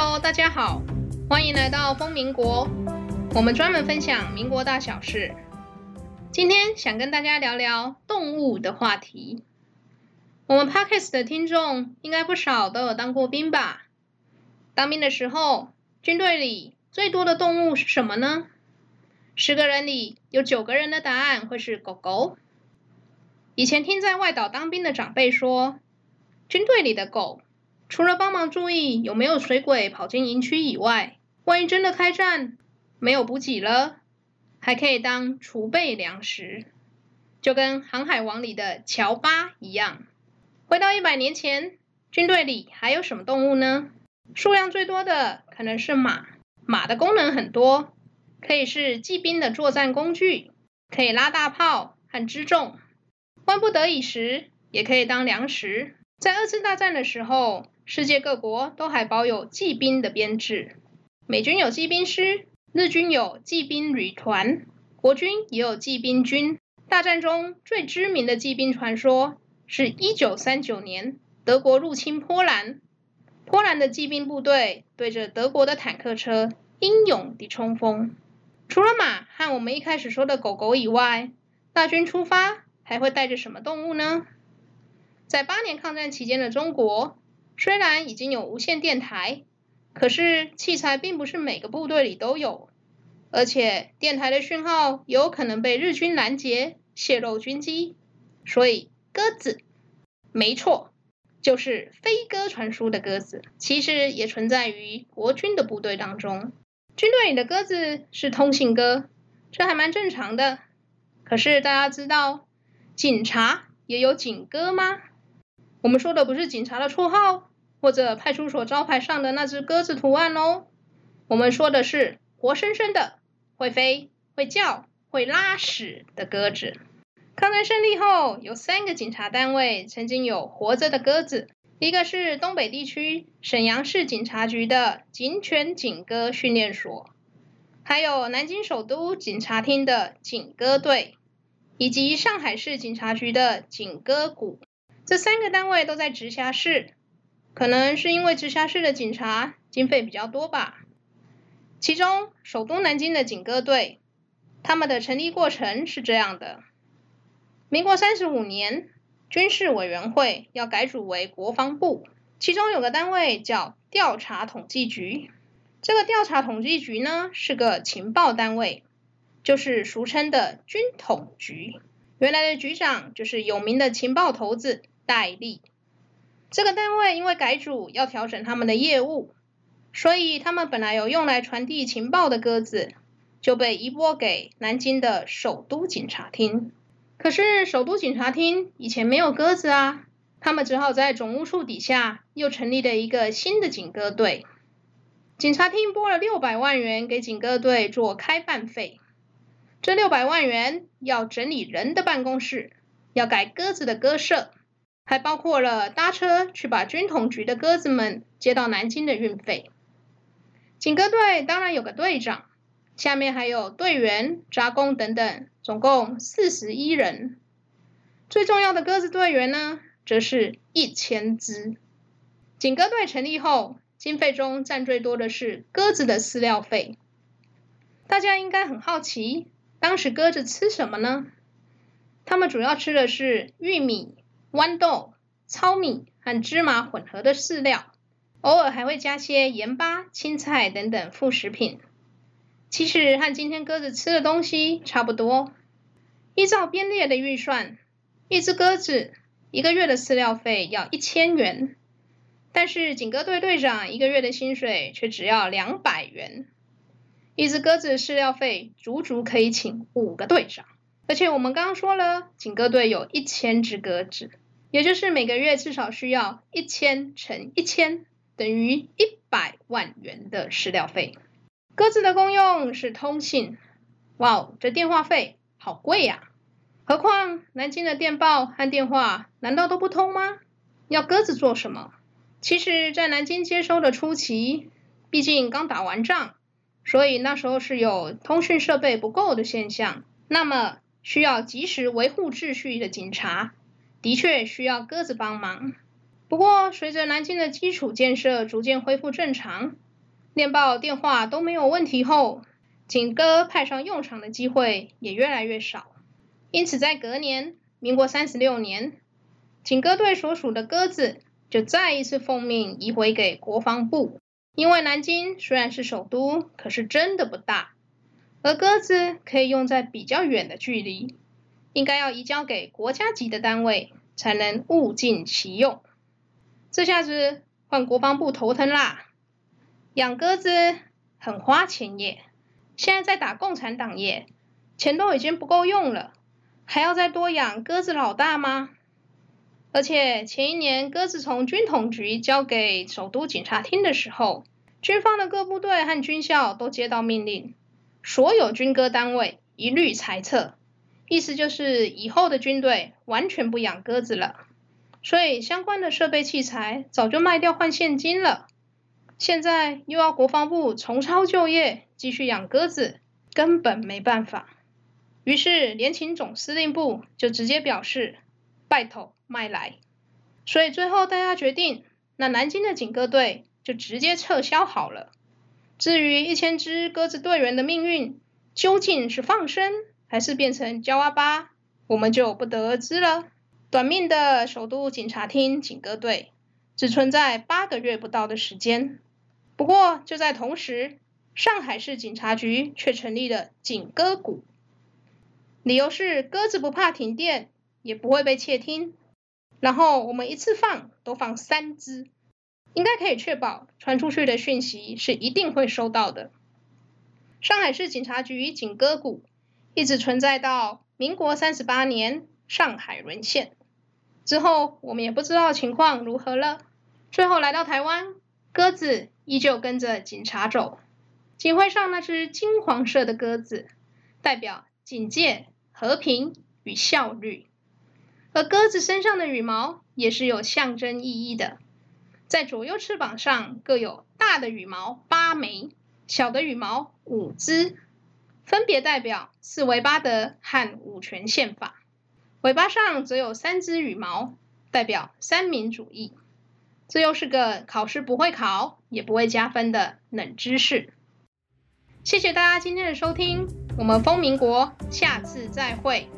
Hello，大家好，歡迎來到瘋民國。我們專門分享民國大小事。今天想跟大家聊聊動物的話題。我們 Podcast 的聽眾應該不少都有當過兵吧？當兵的時候，軍隊裡最多的動物是什麼呢？十個人裡有九個人的答案會是狗狗。以前聽在外島當兵的長輩說，軍隊裡的狗，除了幫忙注意有沒有水鬼跑進營區以外，萬一真的開戰，沒有補給了，還可以當儲備糧食，就跟《航海王》裡的喬巴一樣。回到一百年前，軍隊裡還有什麼動物呢？數量最多的可能是馬。馬的功能很多，可以是騎兵的作戰工具，可以拉大炮和輜重，萬不得已時也可以當糧食。在二次大戰的時候，世界各國都還保有騎兵的編制。美軍有騎兵師，日軍有騎兵旅團，國軍也有騎兵軍。大戰中最知名的騎兵傳說是，是一九三九年德國入侵波蘭，波蘭的騎兵部隊對着德國的坦克車英勇的衝鋒。除了馬和我們一開始說的狗狗以外，大軍出發還會帶着什麼動物呢？在八年抗戰期間的中國，雖然已經有無線電台，可是器材並不是每個部隊裡都有，而且電台的訊號有可能被日軍攔截，洩露軍機，所以鴿子，沒錯，就是飛鴿傳書的鴿子，其實也存在於國軍的部隊當中。軍隊裡的鴿子是通信鴿，這還蠻正常的。可是大家知道，警察也有警鴿嗎？我們說的不是警察的綽號，或者派出所招牌上的那隻鴿子圖案哦，我們說的是活生生的會飛、會叫、會拉屎的鴿子。抗戰勝利後，有三個警察單位曾經有活着的鴿子，一個是東北地區瀋陽市警察局的警犬警鴿訓練所，還有南京首都警察廳的警鴿隊，以及上海市警察局的警鴿股。這三個單位都在直轄市，可能是因為直轄市的警察經費比較多吧。其中，首都南京的警鴿隊，他們的成立過程是這樣的：民國三十五年，軍事委員會要改組為國防部，其中有個單位叫調查統計局。這個調查統計局呢，是個情報單位，就是俗稱的軍統局。原來的局長就是有名的情報頭子。戴笠，這個單位因為改組，要調整他們的業務，所以他們本來有用來傳遞情報的鴿子，就被移撥給南京的首都警察廳。可是首都警察廳以前沒有鴿子啊，他們只好在總務處底下又成立了一個新的警鴿隊。警察廳撥了六百萬元給警鴿隊做開辦費，這六百萬元要整理人的辦公室，要改鴿子的鴿舍。還包括了搭車去把軍統局的鴿子們接到南京的運費。警鴿隊當然有個隊長，下面還有隊員、雜工等等，總共四十一人。最重要的鴿子隊員呢，則是一千隻。警鴿隊成立後，經費中佔最多的是鴿子的飼料費。大家應該很好奇，當時鴿子吃什麼呢？他們主要吃的是玉米、豌豆、糙米和芝麻混合的飼料，偶爾還會加些鹽巴、青菜等等副食品。其實和今天鴿子吃的東西差不多。依照編列的預算，一隻鴿子一個月的飼料費要一千元，但是警鴿隊隊長一個月的薪水卻只要兩百元。一隻鴿子的飼料費足足可以請五個隊長。而且我們剛剛說了，警鴿隊有一千只鴿子。也就是每個月至少需要一千乘一千等於一百萬元的飼料費。鴿子的功用是通信，哇，這電話費好貴呀，啊！何況南京的電報和電話難道都不通嗎？要鴿子做什麼？其實，在南京接收的初期，畢竟剛打完仗，所以那時候是有通訊設備不夠的現象。那麼，需要及時維護秩序的警察，的確需要鴿子幫忙，不過隨着南京的基礎建設逐漸恢復正常，電報、電話都沒有問題後，警鴿派上用場的機會也越來越少。因此，在隔年，民國三十六年，警鴿隊所屬的鴿子就再一次奉命移回給國防部，因為南京雖然是首都，可是真的不大，而鴿子可以用在比較遠的距離。應該要移交給國家級的單位，才能物盡其用。這下子換國防部頭疼啦！養鴿子很花錢耶，現在在打共產黨耶，錢都已經不夠用了，還要再多養鴿子老大嗎？而且前一年鴿子從軍統局交給首都警察廳的時候，軍方的各部隊和軍校都接到命令，所有軍鴿單位一律裁撤。意思就是，以後的軍隊完全不養鴿子了，所以相關的設備器材早就賣掉換現金了。現在又要國防部重操舊業，繼續養鴿子，根本沒辦法。於是聯勤總司令部就直接表示拜托賣來。所以最後大家決定，那南京的警鴿隊就直接撤銷好了。至於一千隻鴿子隊員的命運，究竟是放生？還是變成焦娃巴，我們就不得而知了。短命的首都警察廳警鴿隊，只存在八個月不到的時間。不過就在同時，上海市警察局卻成立了警鴿股，理由是鴿子不怕停電，也不會被竊聽。然後我們一次放都放三隻，應該可以確保傳出去的訊息是一定會收到的。上海市警察局警鴿股。一直存在到民國三十八年，上海淪陷之後，我們也不知道情況如何了。最後來到台灣，鴿子依舊跟着警察走。警徽上那只金黃色的鴿子，代表警戒、和平與效率。而鴿子身上的羽毛也是有象徵意義的，在左右翅膀上各有大的羽毛八枚，小的羽毛五只，分別代表四維八德和五權憲法，尾巴上則有三隻羽毛，代表三民主義。這又是個考試不會考，也不會加分的冷知識。謝謝大家今天的收聽，我們瘋民國下次再會。